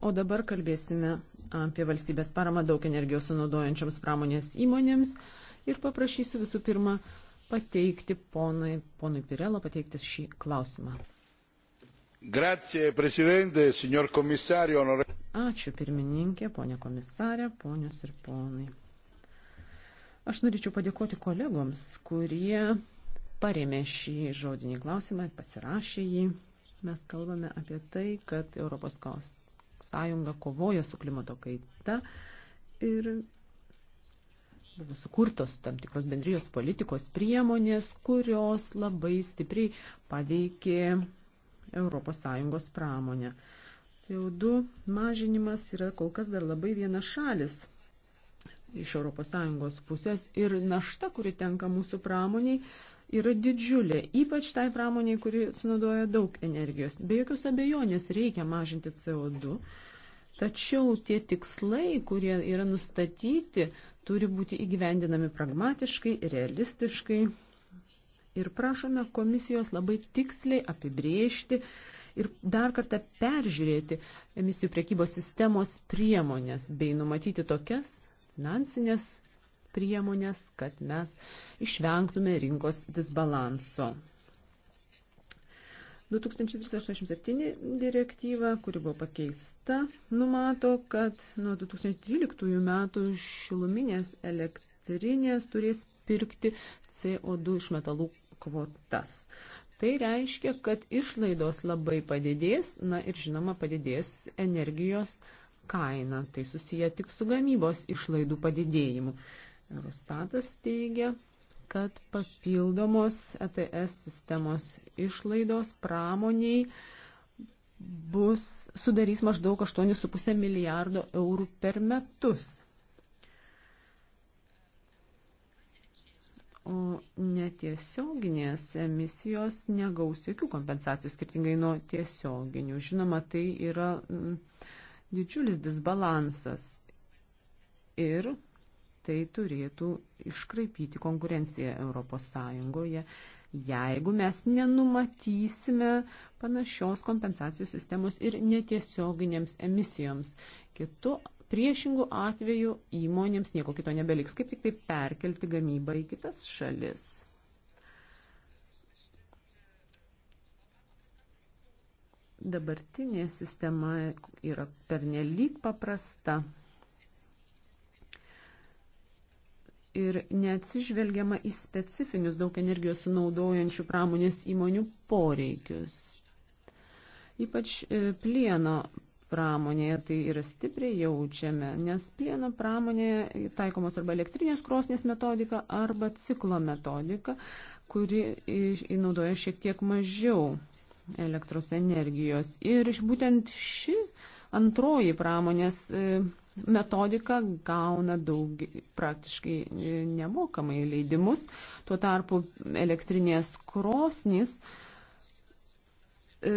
O dabar kalbėsime apie valstybės paramą daug energijos sunaudojančioms pramonės įmonėms ir paprašysiu visų pirma pateikti ponui, ponui Pirelo pateikti šį klausimą. Grazie, prezidente, signor komisario, onore... Ačiū pirmininkė, ponė komisarė, ponios ir ponai. Aš norėčiau padėkoti kolegoms, kurie parėmė šį žodinį klausimą, pasirašė jį. Mes kalbame apie tai, kad Europos sąjunga kovoja su klimato kaita ir buvo sukurtos tam tikros bendrijos politikos priemonės, kurios labai stipriai paveikė ES pramonę. CO2 mažinimas yra kol kas dar labai viena šalis iš ES pusės ir našta, kuri tenka mūsų pramoniai, yra didžiulė, ypač tai pramoniai, kuri sunaudoja daug energijos. Be jokios abejonės reikia mažinti CO2, tačiau tie tikslai, kurie yra nustatyti, turi būti įgyvendinami pragmatiškai, realistiškai. Ir prašome komisijos labai tiksliai apibriežti ir dar kartą peržiūrėti emisijų priekybos sistemos priemonės bei numatyti tokias finansinės priemonės, kad mes išvengtume rinkos disbalanso. 2387 direktyva, kuri buvo pakeista, numato, kad nuo 2013 metų šiluminės elektrinės turės pirkti CO2 iš metalų kvotas. Tai reiškia, kad išlaidos labai padidės, na ir žinoma padidės energijos kaina. Tai susiję tik su gamybos išlaidų padidėjimu. Eurostatas teigia, kad papildomos ETS sistemos išlaidos pramoniai bus, sudarys maždaug 8,5 milijardo eurų per metus. O netiesioginės emisijos negaus jokių kompensacijų skirtingai nuo tiesioginių. Žinoma, tai yra mm, didžiulis disbalansas. Ir tai turėtų iškraipyti konkurenciją Europos Sąjungoje, jeigu mes nenumatysime panašios kompensacijų sistemos ir netiesioginėms emisijoms. Kitu priešingų atveju įmonėms nieko kito nebeliks, kaip tik tai perkelti gamybą į kitas šalis. dabartinė sistema yra pernelyg paprasta. ir neatsižvelgiama į specifinius daug energijos sunaudojančių pramonės įmonių poreikius. Ypač e, plieno pramonėje tai yra stipriai jaučiame, nes plieno pramonėje taikomos arba elektrinės krosnės metodika, arba ciklo metodika, kuri naudoja šiek tiek mažiau elektros energijos. Ir būtent ši antroji pramonės e, metodiką gauna daug, praktiškai e, nemokamai leidimus. Tuo tarpu elektrinės krosnys e,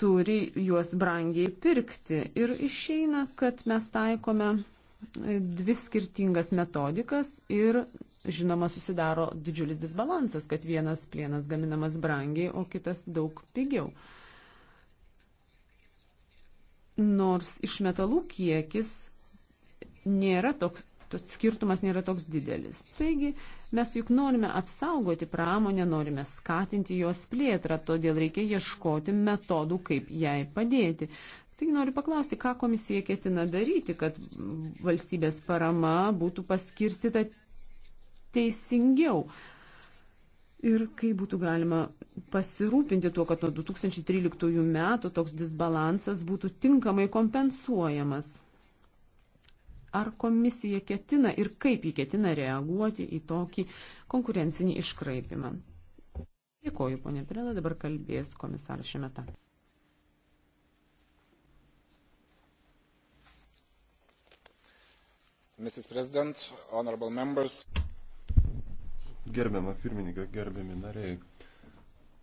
turi juos brangiai pirkti. Ir išeina, kad mes taikome e, dvi skirtingas metodikas ir žinoma susidaro didžiulis disbalansas, kad vienas plienas gaminamas brangiai, o kitas daug pigiau. E, nors iš metalų kiekis nėra toks, tos skirtumas nėra toks didelis. Taigi mes juk norime apsaugoti pramonę, norime skatinti jos plėtrą, todėl reikia ieškoti metodų, kaip jai padėti. Taigi noriu paklausti, ką komisija ketina daryti, kad valstybės parama būtų paskirstita teisingiau. Uh, ir kaip būtų galima pasirūpinti tuo, kad nuo 2013 metų toks disbalansas būtų tinkamai kompensuojamas. Ar komisija ketina ir kaip ji ketina reaguoti į tokį konkurencinį iškraipimą? Dėkoju, ponė Prela, dabar kalbės komisaras Šemeta. Mrs. President, honorable members. Gerbiama pirmininkė, gerbiami nariai,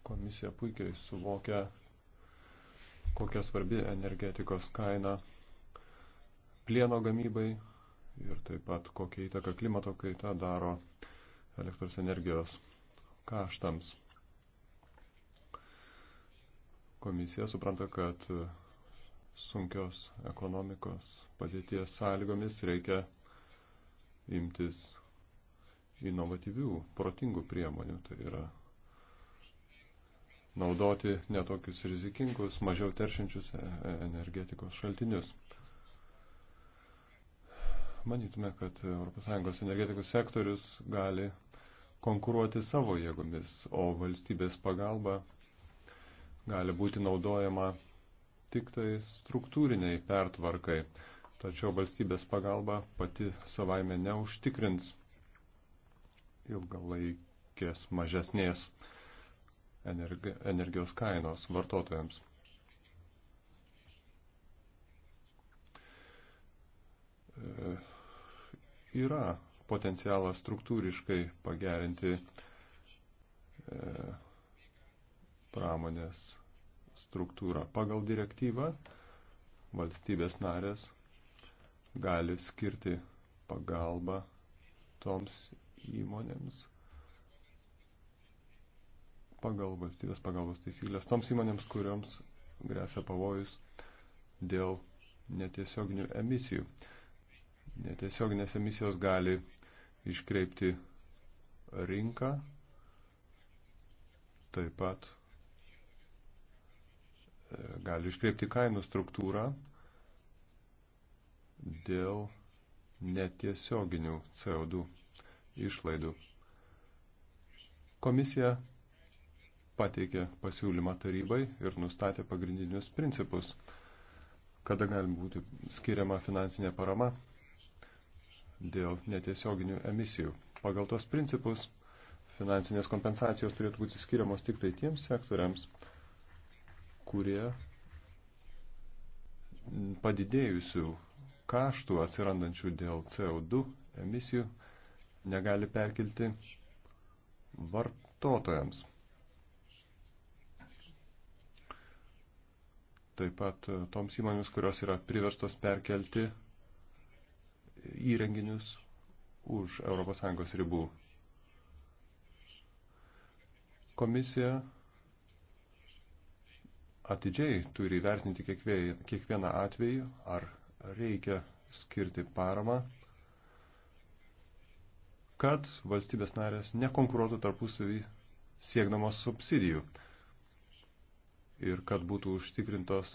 komisija puikiai suvokia, kokia svarbi energetikos kaina plieno gamybai ir taip pat kokia įtaka klimato kaita daro elektros energijos kaštams. Komisija supranta, kad sunkios ekonomikos padėties sąlygomis reikia imtis inovatyvių, protingų priemonių. Tai yra naudoti netokius rizikingus, mažiau teršiančius e, e, energetikos šaltinius. Manytume, kad ES energetikos sektorius gali konkuruoti savo jėgomis, o valstybės pagalba gali būti naudojama tik tai struktūriniai pertvarkai. Tačiau valstybės pagalba pati savaime neužtikrins ilgalaikės mažesnės energi energijos kainos vartotojams. E, yra potencialas struktūriškai pagerinti e, pramonės struktūrą. Pagal direktyvą valstybės narės gali skirti pagalbą toms įmonėms pagal valstybės pagalbos taisyklės, toms įmonėms, kuriams grėsia pavojus dėl netiesioginių emisijų. Netiesioginės emisijos gali iškreipti rinką, taip pat e, gali iškreipti kainų struktūrą dėl netiesioginių CO2 išlaidų. Komisija pateikė pasiūlymą tarybai ir nustatė pagrindinius principus, kada gali būti skiriama finansinė parama dėl netiesioginių emisijų. Pagal tos principus finansinės kompensacijos turėtų būti skiriamos tik tai tiems sektoriams, kurie padidėjusių kaštų atsirandančių dėl CO2 emisijų negali perkelti vartotojams. Taip pat e, toms įmonėms, kurios yra priverstos perkelti įrenginius už ES ribų. Komisija atidžiai turi vertinti kiekvieną atvejį, ar reikia skirti paramą kad valstybės narės nekonkuruotų tarpusavį siekdamos subsidijų ir kad būtų užtikrintos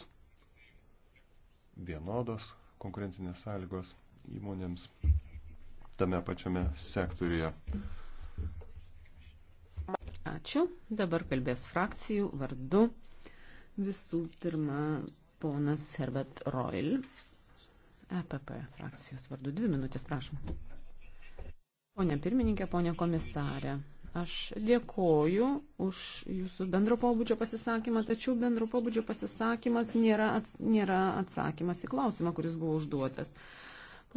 vienodos konkurencinės sąlygos įmonėms tame pačiame sektoriuje. Ačiū. Dabar kalbės frakcijų vardu. Visų pirma, ponas Herbert Royal, EPP frakcijos vardu. Dvi minutės, prašom. Pone pirmininkė, pone komisarė, aš dėkoju už jūsų bendro pobūdžio pasisakymą, tačiau bendro pobūdžio pasisakymas nėra, ats, nėra atsakymas į klausimą, kuris buvo užduotas.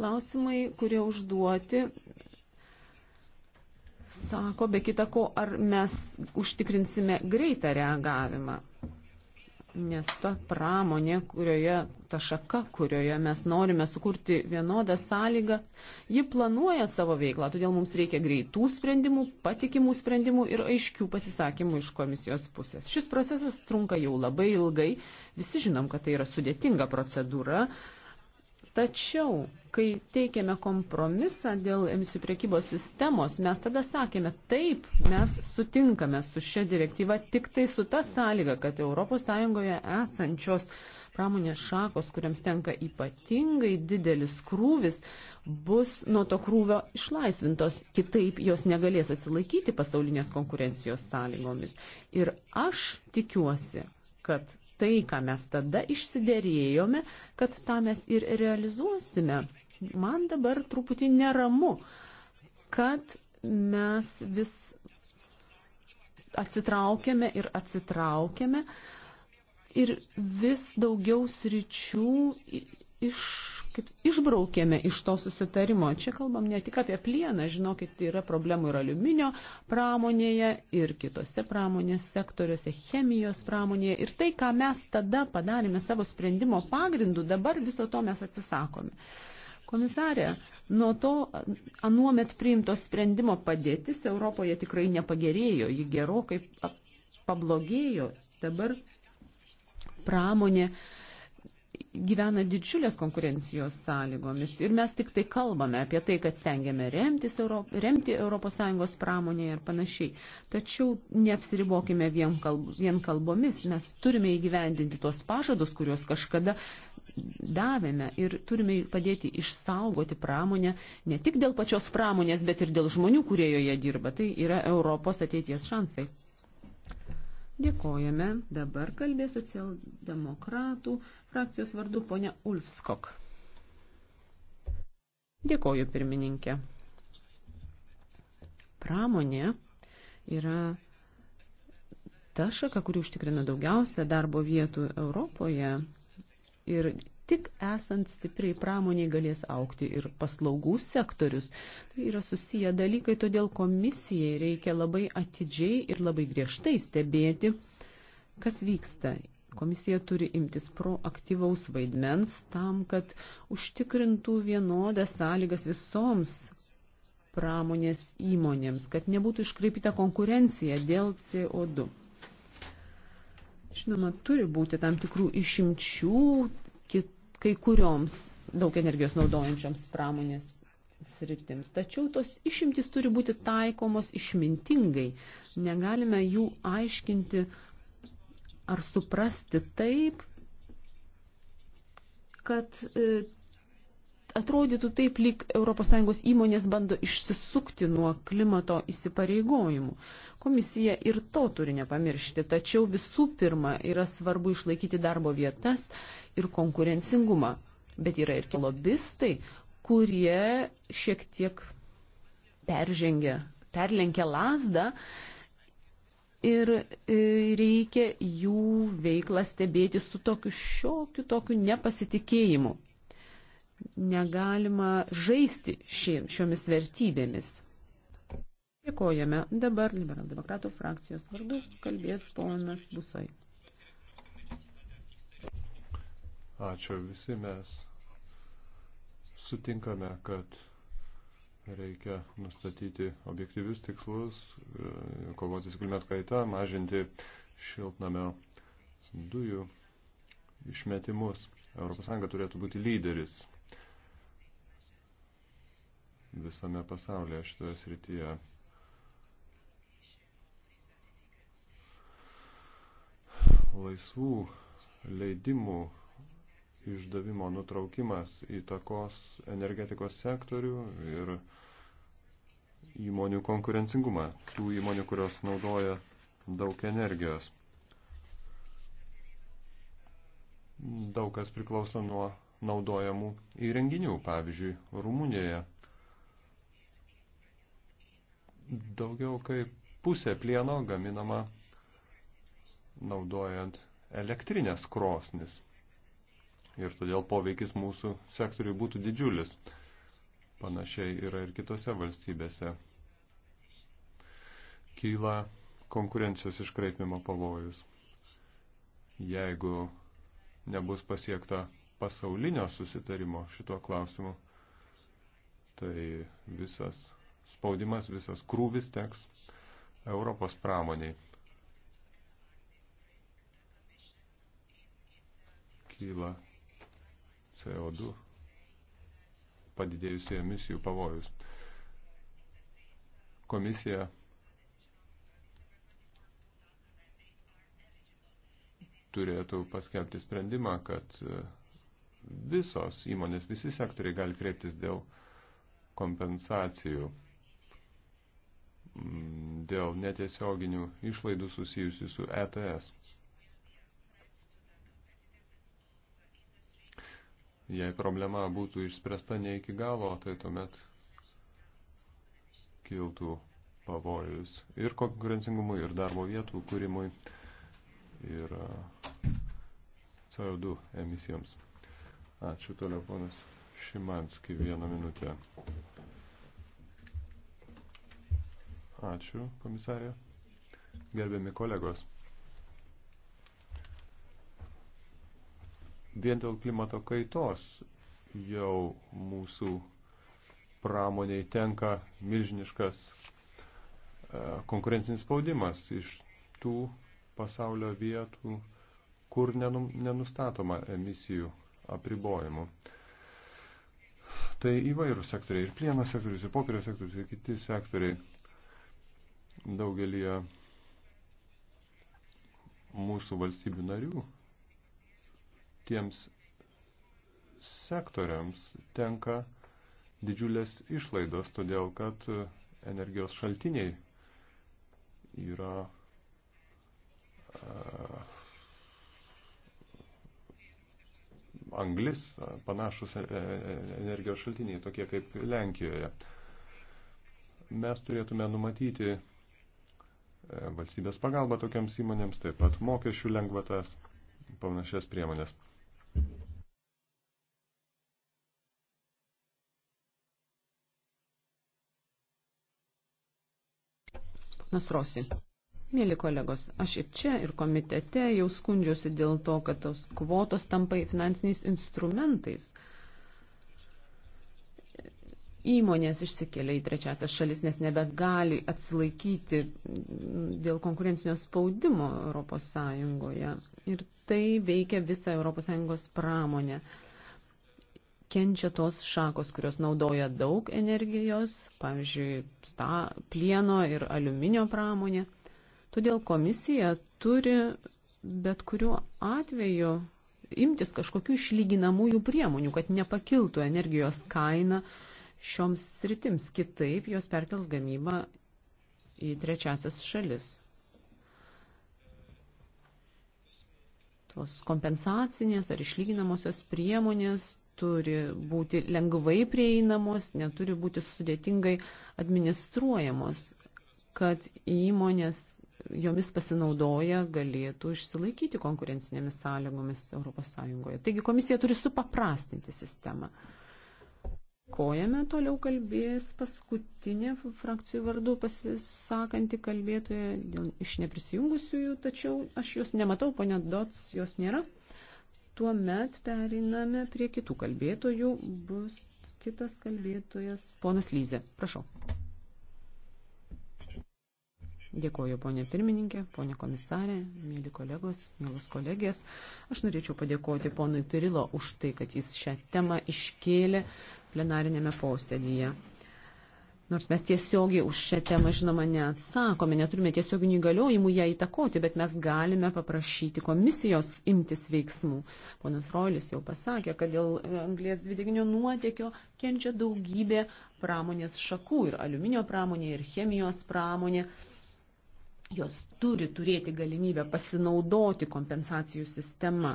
Klausimai, kurie užduoti, sako be kita ko, ar mes užtikrinsime greitą reagavimą. Nes ta pramonė, kurioje, ta šaka, kurioje mes norime sukurti vienodą sąlygą, ji planuoja savo veiklą, todėl mums reikia greitų sprendimų, patikimų sprendimų ir aiškių pasisakymų iš komisijos pusės. Šis procesas trunka jau labai ilgai, visi žinom, kad tai yra sudėtinga procedūra, Tačiau, kai teikėme kompromisą dėl emisijų priekybos sistemos, mes tada sakėme, taip, mes sutinkame su šia direktyva tik tai su ta sąlyga, kad ES esančios pramonės šakos, kuriams tenka ypatingai didelis krūvis, bus nuo to krūvio išlaisvintos, kitaip jos negalės atsilaikyti pasaulinės konkurencijos sąlygomis. Ir aš tikiuosi, kad tai, ką mes tada išsiderėjome, kad tą mes ir realizuosime. Man dabar truputį neramu, kad mes vis atsitraukėme ir atsitraukėme ir vis daugiau sričių iš kaip išbraukėme iš to susitarimo. Čia kalbam ne tik apie plieną, žinokit, yra problemų ir aliuminio pramonėje, ir kitose pramonės sektoriuose, chemijos pramonėje. Ir tai, ką mes tada padarėme savo sprendimo pagrindu, dabar viso to mes atsisakome. Komisarė, nuo to anuomet priimto sprendimo padėtis Europoje tikrai nepagerėjo, ji gerokai pablogėjo. Dabar pramonė uh, gyvena didžiulės konkurencijos sąlygomis ir mes tik tai kalbame apie tai, kad stengiame remtis, remti ES pramonėje ir panašiai. Tačiau neapsiribokime vien, kalb, vien kalbomis, mes turime įgyvendinti tuos pažadus, kuriuos kažkada davėme ir turime padėti išsaugoti pramonę ne tik dėl pačios pramonės, bet ir dėl žmonių, kurie joje dirba. Tai yra Europos ateities šansai. Dėkojame. Dabar kalbės socialdemokratų frakcijos vardu ponia Ulfskok. Dėkoju, pirmininkė. Pramonė yra ta šaka, kuri užtikrina daugiausia darbo vietų Europoje ir Tik esant stipriai pramoniai galės aukti ir paslaugų sektorius. Tai yra susiję dalykai, todėl komisijai reikia labai atidžiai ir labai griežtai stebėti, kas vyksta. Komisija turi imtis proaktyvaus vaidmens tam, kad užtikrintų vienodas sąlygas visoms pramonės įmonėms, kad nebūtų iškreipyta konkurencija dėl CO2. Žinoma, turi būti tam tikrų išimčių, kit, kai kurioms daug energijos naudojančioms pramonės sritims. Tačiau tos išimtis turi būti taikomos išmintingai. Negalime jų aiškinti ar suprasti taip, kad e, atrodytų taip, lyg ES įmonės bando išsisukti nuo klimato įsipareigojimų. Komisija ir to turi nepamiršti, tačiau visų pirma yra svarbu išlaikyti darbo vietas ir konkurencingumą. Bet yra ir lobistai, kurie šiek tiek peržengia, perlenkia lasdą ir e, reikia jų veiklą stebėti su tokiu šiokiu tokiu nepasitikėjimu negalima žaisti ši, šiomis vertybėmis. Dėkojame. Dabar liberaldemokratų frakcijos vardu kalbės ponas Busoj. Ačiū visi mes. Sutinkame, kad reikia nustatyti objektyvius tikslus, e, kovoti su klimato kaita, mažinti šiltnamio dujų išmetimus. ES turėtų būti lyderis visame pasaulyje šitoje srityje. Laisvų leidimų išdavimo nutraukimas įtakos energetikos sektorių ir įmonių konkurencingumą, tų įmonių, kurios naudoja daug energijos. Daug kas priklauso nuo naudojamų įrenginių, pavyzdžiui, Rumunijoje Daugiau kaip pusė plieno gaminama naudojant elektrinės krosnis. Ir todėl poveikis mūsų sektoriui būtų didžiulis. Panašiai yra ir kitose valstybėse. Kyla konkurencijos iškraipimo pavojus. Jeigu nebus pasiekta pasaulinio susitarimo šituo klausimu, tai visas spaudimas, visas krūvis teks Europos pramoniai. Kyla CO2 padidėjusių emisijų pavojus. Komisija turėtų paskelbti sprendimą, kad e, visos įmonės, visi sektoriai gali kreiptis dėl kompensacijų dėl netiesioginių išlaidų susijusių su ETS. Jei problema būtų išspręsta ne iki galo, tai tuomet kiltų pavojus ir konkurencingumui, ir darbo vietų kūrimui, ir e, CO2 emisijoms. Ačiū toliau, ponas Šimanski, vieną minutę. Ačiū, komisarė. Gerbiami kolegos. Vien dėl klimato kaitos jau mūsų pramoniai tenka milžiniškas e, konkurencinis spaudimas iš tų pasaulio vietų, kur nenustatoma emisijų apribojimų. Tai įvairūs sektoriai, ir plieno sektorius, ir popierio sektorius, ir kiti sektoriai daugelį mūsų valstybių narių tiems sektoriams tenka didžiulės išlaidos, todėl kad energijos šaltiniai yra anglis, panašus e, e, energijos šaltiniai, tokie kaip Lenkijoje. Mes turėtume numatyti E, valstybės pagalbą tokiams įmonėms, taip pat mokesčių lengvatas, panašias priemonės. Nasrosi. Mėly kolegos, aš ir čia, ir komitete jau skundžiuosi dėl to, kad tos kvotos tampa finansiniais instrumentais. Uh, įmonės išsikelia į trečiasias šalis, nes nebegali atsilaikyti dėl konkurencinio spaudimo ES. Ir tai veikia visą ES pramonę. Kenčia tos šakos, kurios naudoja daug energijos, pavyzdžiui, sta, plieno ir aliuminio pramonė. Todėl komisija turi bet kuriuo atveju imtis kažkokių išlyginamųjų priemonių, kad nepakiltų energijos kaina uh, šioms sritims, kitaip jos perkels gamybą į trečiasias šalis. Tos kompensacinės ar išlyginamosios priemonės turi būti lengvai prieinamos, neturi būti sudėtingai administruojamos, kad įmonės jomis pasinaudoja galėtų išsilaikyti konkurencinėmis sąlygomis ES. Taigi komisija turi supaprastinti sistemą. Dėkojame, toliau kalbės paskutinė frakcijų vardu pasisakanti kalbėtoja dėl, iš neprisijungusiųjų, tačiau aš jos nematau, ponia Dots, jos nėra. Tuomet periname prie kitų kalbėtojų, bus kitas kalbėtojas, ponas Lyze, prašau. Dėkuoju, ponė pirmininkė, ponė komisarė, mėly kolegos, mėlos kolegės. Aš norėčiau padėkoti ponui Pirilo už tai, kad jis šią temą iškėlė plenarinėme posėdyje. Nors mes tiesiogiai už šią temą, žinoma, neatsakome, neturime tiesioginių įgaliojimų ją įtakoti, bet mes galime paprašyti komisijos imtis veiksmų. Ponas Roilis jau pasakė, kad dėl e, anglės dvideginio nuotėkio kenčia daugybė pramonės šakų ir aliuminio pramonė, ir chemijos pramonė. pramonė Jos turi turėti galimybę pasinaudoti kompensacijų sistema.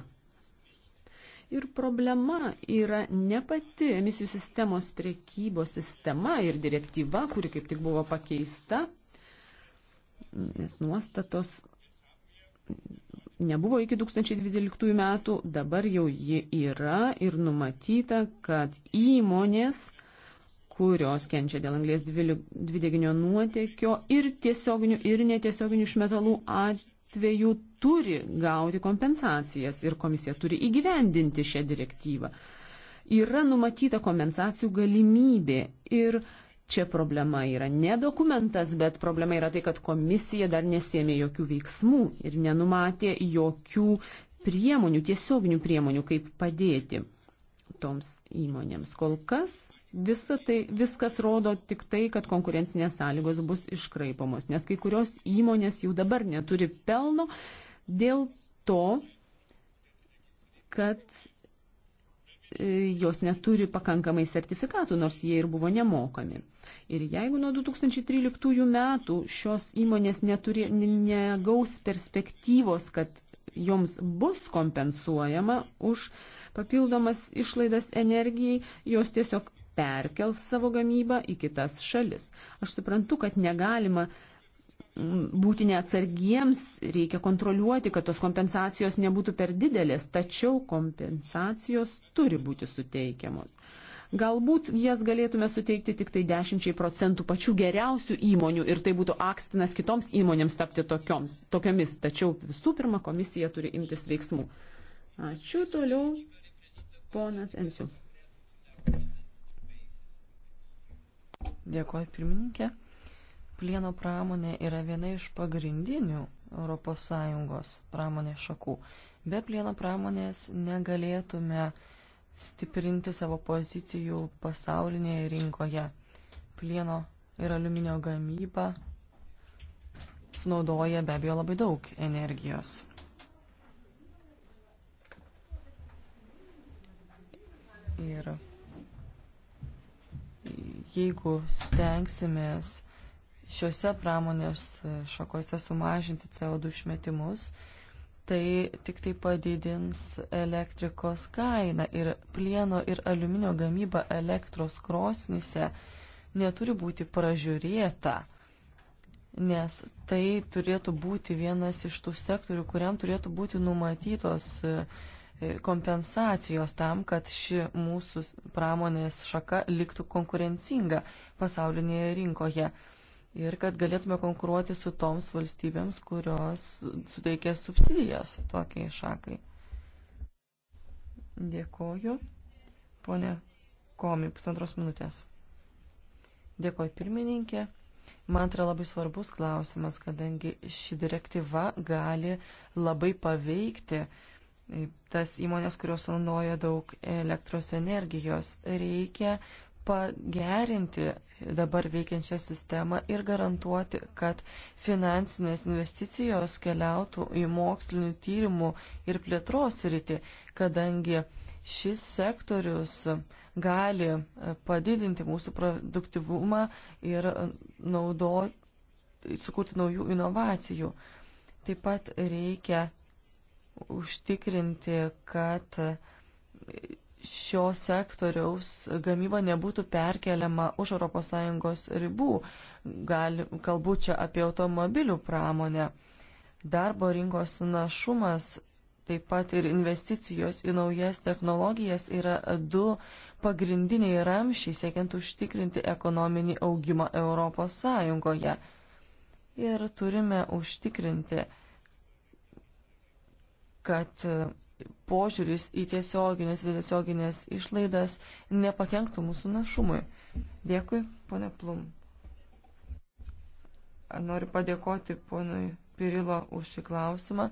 Ir problema yra ne pati emisijų sistemos priekybos sistema ir direktyva, kuri kaip tik buvo pakeista, nes nuostatos nebuvo iki 2012 metų, dabar jau ji yra ir numatyta, kad įmonės kurios kenčia dėl anglės dvideginio nuotėkio ir tiesioginių ir netiesioginių išmetalų atveju turi gauti kompensacijas ir komisija turi įgyvendinti šią direktyvą. Yra numatyta kompensacijų galimybė ir čia problema yra ne dokumentas, bet problema yra tai, kad komisija dar nesėmė jokių veiksmų ir nenumatė jokių priemonių, tiesioginių priemonių, kaip padėti toms įmonėms. Kol kas Visa tai, viskas rodo tik tai, kad konkurencinės sąlygos bus iškraipomos, nes kai kurios įmonės jau dabar neturi pelno dėl to, kad e, jos neturi pakankamai sertifikatų, nors jie ir buvo nemokami. Ir jeigu nuo 2013 metų šios įmonės neturi, negaus perspektyvos, kad joms bus kompensuojama už papildomas išlaidas energijai, jos tiesiog perkels savo gamybą į kitas šalis. Aš suprantu, kad negalima mm, būti neatsargiems, reikia kontroliuoti, kad tos kompensacijos nebūtų per didelės, tačiau kompensacijos turi būti suteikiamos. Galbūt jas galėtume suteikti tik tai 10 procentų pačių geriausių įmonių ir tai būtų akstinas kitoms įmonėms tapti tokioms, tokiomis. Tačiau visų pirma komisija turi imtis veiksmų. Ačiū toliau, ponas Ensiu. Dėkuoju, pirmininkė. Plieno pramonė yra viena iš pagrindinių ES pramonės šakų. Be plieno pramonės negalėtume stiprinti savo pozicijų pasaulinėje rinkoje. Plieno ir aliuminio gamyba sunaudoja be abejo labai daug energijos. Ir jeigu stengsimės šiuose pramonės šakose sumažinti CO2 išmetimus, tai tik tai padidins elektrikos kainą ir plieno ir aliuminio gamyba elektros krosnyse neturi būti pražiūrėta, nes tai turėtų būti vienas iš tų sektorių, kuriam turėtų būti numatytos uh, E, kompensacijos tam, kad ši mūsų pramonės šaka liktų konkurencinga pasaulinėje rinkoje ir kad galėtume konkuruoti su toms valstybėms, kurios suteikė subsidijas tokiai šakai. Dėkoju. Pone Komi, pusantros minutės. Dėkoju pirmininkė. Man atrodo tai labai svarbus klausimas, kadangi ši direktyva gali labai paveikti uh, tas įmonės, kurios naudoja daug elektros energijos. Reikia pagerinti dabar veikiančią sistemą ir garantuoti, kad finansinės investicijos keliautų į mokslinių tyrimų ir plėtros rytį, kadangi šis sektorius gali padidinti mūsų produktivumą ir naudo, sukurti naujų inovacijų. Taip pat reikia užtikrinti, kad šio sektoriaus gamyba nebūtų perkeliama už ES ribų. Gali, kalbu čia apie automobilių pramonę. Darbo rinkos našumas, taip pat ir investicijos į naujas technologijas yra du pagrindiniai ramšiai siekiant užtikrinti ekonominį augimą ES. Ir turime užtikrinti, kad e, požiūris į tiesioginės ir tiesioginės išlaidas nepakenktų mūsų našumui. Dėkui, ponė Plum. Noriu padėkoti ponui Pirilo už šį klausimą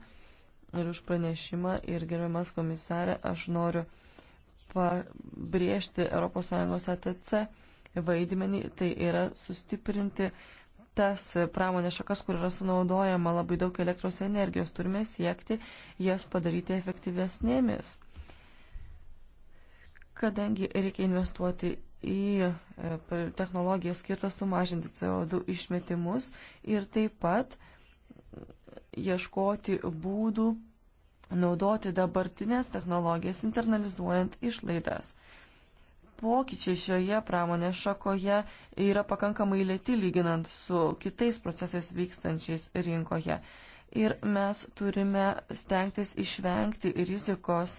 ir už pranešimą ir gerbiamas komisarė, aš noriu pabrėžti ES ATC vaidmenį, tai yra sustiprinti tas pramonės šakas, kur yra sunaudojama labai daug elektros energijos, turime siekti jas padaryti efektyvesnėmis. Kadangi reikia investuoti į e, technologiją skirtą sumažinti CO2 išmetimus ir taip pat ieškoti būdų naudoti dabartinės technologijas internalizuojant išlaidas pokyčiai šioje pramonės šakoje yra pakankamai lėti lyginant su kitais procesais vykstančiais rinkoje. Ir mes turime stengtis išvengti rizikos,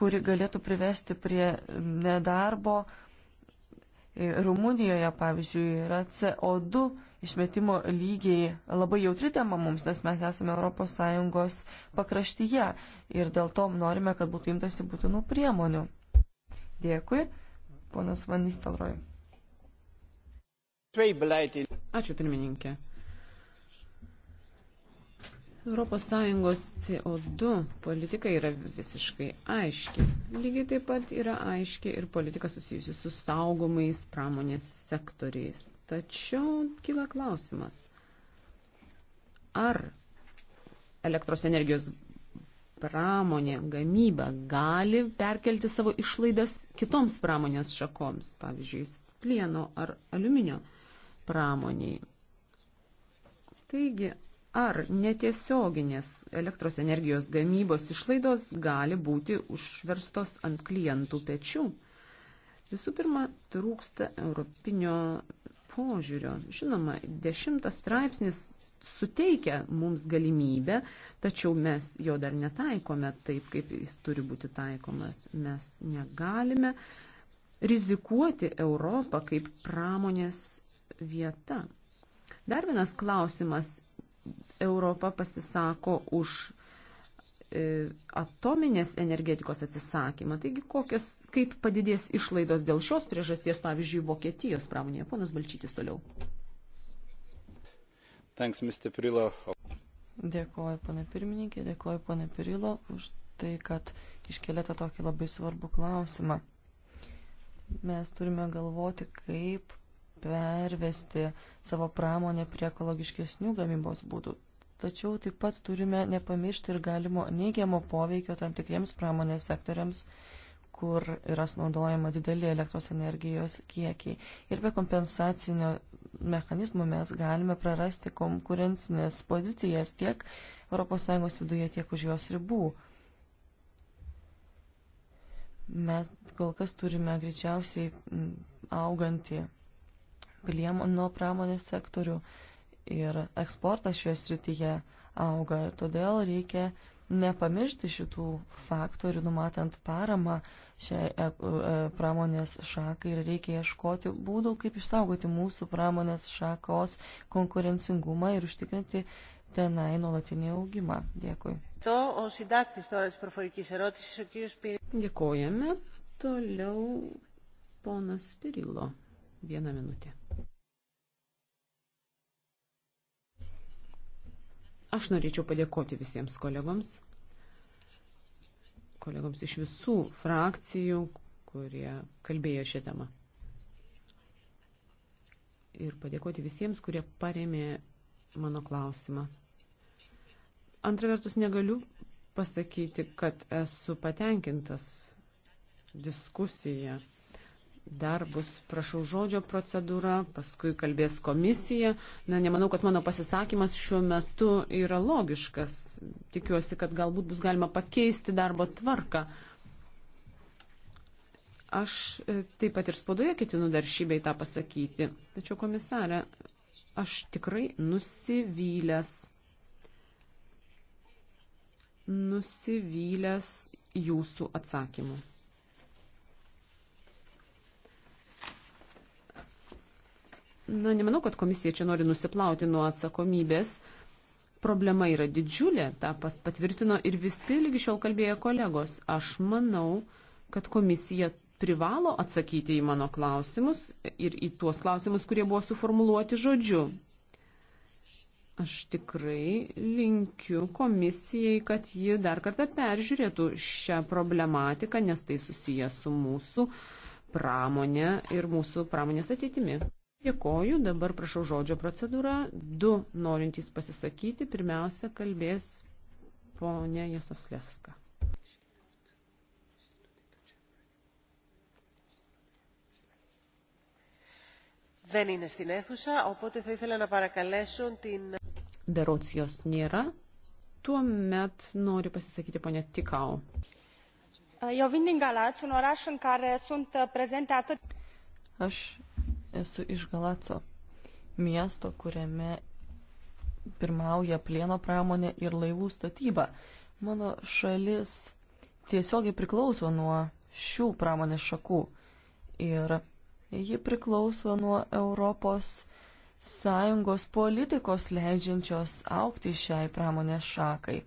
kuri galėtų privesti prie nedarbo. E, Rumunijoje, pavyzdžiui, yra CO2 išmetimo lygiai labai jautri tema mums, nes mes esame ES pakraštyje ir dėl to norime, kad būtų imtasi būtinų priemonių. Dėkui ponas Van Nistelroj. Ačiū pirmininkė. ES CO2 politika yra visiškai aiški. Lygiai taip pat yra aiški ir politika susijusi su saugomais pramonės sektoriais. Tačiau kyla klausimas, ar elektros energijos pramonė, gamyba gali perkelti savo išlaidas kitoms pramonės šakoms, pavyzdžiui, plieno ar aliuminio pramoniai. Taigi, ar netiesioginės elektros energijos gamybos išlaidos gali būti užverstos ant klientų pečių? Visų pirma, trūksta europinio požiūrio. Žinoma, dešimtas straipsnis suteikia mums galimybę, tačiau mes jo dar netaikome taip, kaip jis turi būti taikomas. Mes negalime rizikuoti Europą kaip pramonės vieta. Dar vienas klausimas. Europa pasisako už e, atominės energetikos atsisakymą. Taigi, kokios, kaip padidės išlaidos dėl šios priežasties, pavyzdžiui, Vokietijos pramonėje. Ponas Balčytis toliau. Thanks, Mr. Pirilo. Dėkuoju, ponė pirmininkė, dėkuoju, ponė Pirilo, už tai, kad iškelėte tokį labai svarbų klausimą. Mes turime galvoti, kaip pervesti savo pramonę prie ekologiškesnių gamybos būdų. Tačiau taip pat turime nepamiršti ir galimo neigiamo poveikio tam tikriems pramonės sektoriams kur yra sunaudojama dideli elektros energijos kiekiai. Ir be kompensacinio mechanizmo mes galime prarasti konkurencinės pozicijas tiek ES viduje, tiek už jos ribų. Mes kol kas turime greičiausiai augantį pliemono pramonės sektorių ir eksportas šioje srityje auga. Todėl reikia uh, nepamiršti šitų faktorių, numatant paramą šiai e, e, pramonės šakai ir reikia ieškoti būdų, kaip išsaugoti mūsų pramonės šakos konkurencingumą ir užtikrinti tenai nuolatinį augimą. Dėkui. Dėkojame. Toliau ponas Pirilo. Vieną minutę. Aš norėčiau padėkoti visiems kolegoms, kolegoms iš visų frakcijų, kurie kalbėjo šią temą. Ir padėkoti visiems, kurie paremė mano klausimą. Antra vertus, negaliu pasakyti, kad esu patenkintas diskusija Dar bus, prašau, žodžio procedūra, paskui kalbės komisija. Na, nemanau, kad mano pasisakymas šiuo metu yra logiškas. Tikiuosi, kad galbūt bus galima pakeisti darbo tvarką. Aš e, taip pat ir spaudoje ketinu dar šį bei tą pasakyti. Tačiau, komisarė, aš tikrai nusivylęs. Nusivylęs jūsų atsakymu. Na, nemanau, kad komisija čia nori nusiplauti nuo atsakomybės. Problema yra didžiulė, tą pas patvirtino ir visi lygi šiol kalbėjo kolegos. Aš manau, kad komisija privalo atsakyti į mano klausimus ir į tuos klausimus, kurie buvo suformuluoti žodžiu. Aš tikrai linkiu komisijai, kad ji dar kartą peržiūrėtų šią problematiką, nes tai susijęs su mūsų pramonė ir mūsų pramonės ateitimi. Dėkoju, dabar prašau žodžio procedūrą. Du norintys pasisakyti, pirmiausia kalbės ponė Jasoslevska. Δεν είναι στην αίθουσα, οπότε θα ήθελα να παρακαλέσω την... Berots jos nėra, tuomet nori pasisakyti ponia Tikau. Eu vin din Galați, un oraș în care sunt prezente atât... Aš Esu iš Galaco miesto, kuriame pirmauja plieno pramonė ir laivų statyba. Mano šalis tiesiogiai priklauso nuo šių pramonės šakų ir ji priklauso nuo Europos sąjungos politikos leidžiančios aukti šiai pramonės šakai.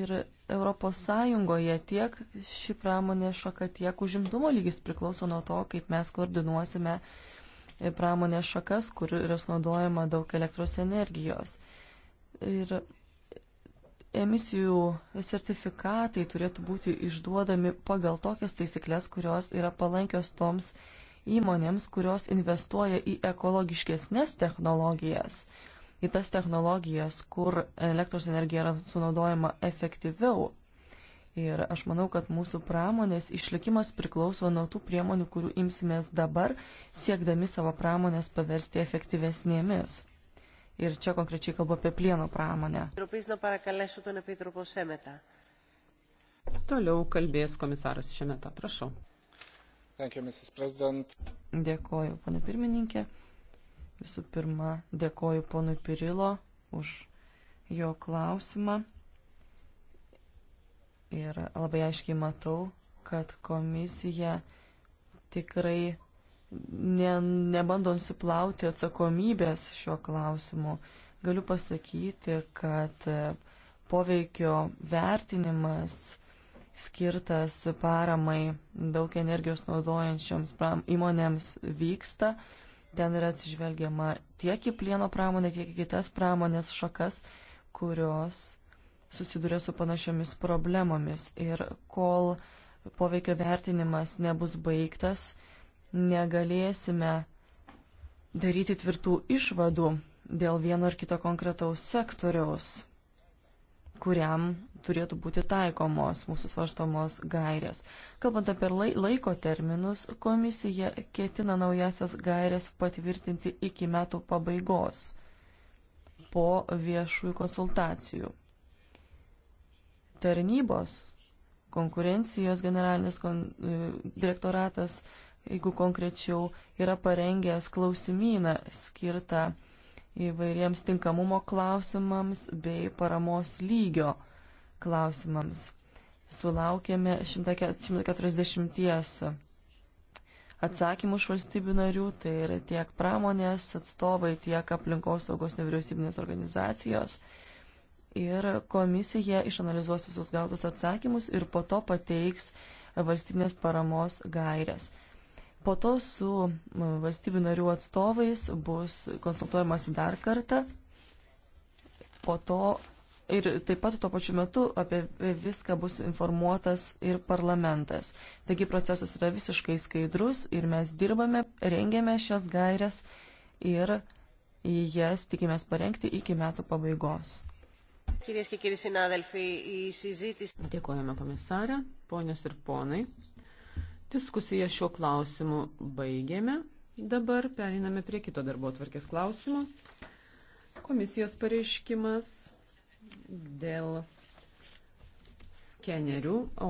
Ir Europos Sąjungoje tiek ši pramonė šaka, tiek užimtumo lygis priklauso nuo to, kaip mes koordinuosime pramonės šakas, kur yra sunaudojama daug elektros energijos. Ir emisijų sertifikatai turėtų būti išduodami pagal tokias taisyklės, kurios yra palankios toms įmonėms, kurios investuoja į ekologiškesnės technologijas į tas technologijas, kur elektros energija yra sunaudojama efektyviau. Ir aš manau, kad mūsų pramonės išlikimas priklauso nuo tų priemonių, kurių imsimės dabar, siekdami savo pramonės paversti efektyvesnėmis. Ir čia konkrečiai kalbu apie plieno pramonę. Toliau kalbės komisaras Šemeta. Prašau. You, Dėkoju, pane pirmininkė. Visų pirma, dėkoju ponui Pirilo už jo klausimą. Ir labai aiškiai matau, kad komisija tikrai ne, nebando nusiplauti atsakomybės šiuo klausimu. Galiu pasakyti, kad poveikio vertinimas skirtas paramai daug energijos naudojančioms įmonėms vyksta Ten yra atsižvelgiama tiek į plieno pramonę, tiek į kitas pramonės šakas, kurios susiduria su panašiomis problemomis. Ir kol poveikio vertinimas nebus baigtas, negalėsime daryti tvirtų išvadų dėl vieno ar kito konkretaus sektoriaus kuriam turėtų būti taikomos mūsų svarstomos gairės. Kalbant apie laiko terminus, komisija ketina naujasias gairės patvirtinti iki metų pabaigos po viešųjų konsultacijų. Tarnybos, konkurencijos generalinis kon, e, direktoratas, jeigu konkrečiau, yra parengęs klausimyną skirtą įvairiems tinkamumo klausimams bei paramos lygio klausimams. Sulaukėme 140 atsakymų iš valstybių narių, tai yra tiek pramonės atstovai, tiek aplinkos saugos nevyriausybinės organizacijos. Ir komisija išanalizuos visus gautus atsakymus ir po to pateiks valstybinės paramos gairias. Po to su valstybių narių atstovais bus konsultuojamasi dar kartą. Po to ir taip pat tuo pačiu metu apie viską bus informuotas ir parlamentas. Taigi procesas yra visiškai skaidrus ir mes dirbame, rengiame šias gairias ir jas tikimės parengti iki metų pabaigos. Dėkojame komisarę, ponios ir ponai. Diskusiją šiuo klausimu baigėme. Dabar periname prie kito darbo atvarkės klausimo. Komisijos pareiškimas dėl skenerių.